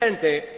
presidente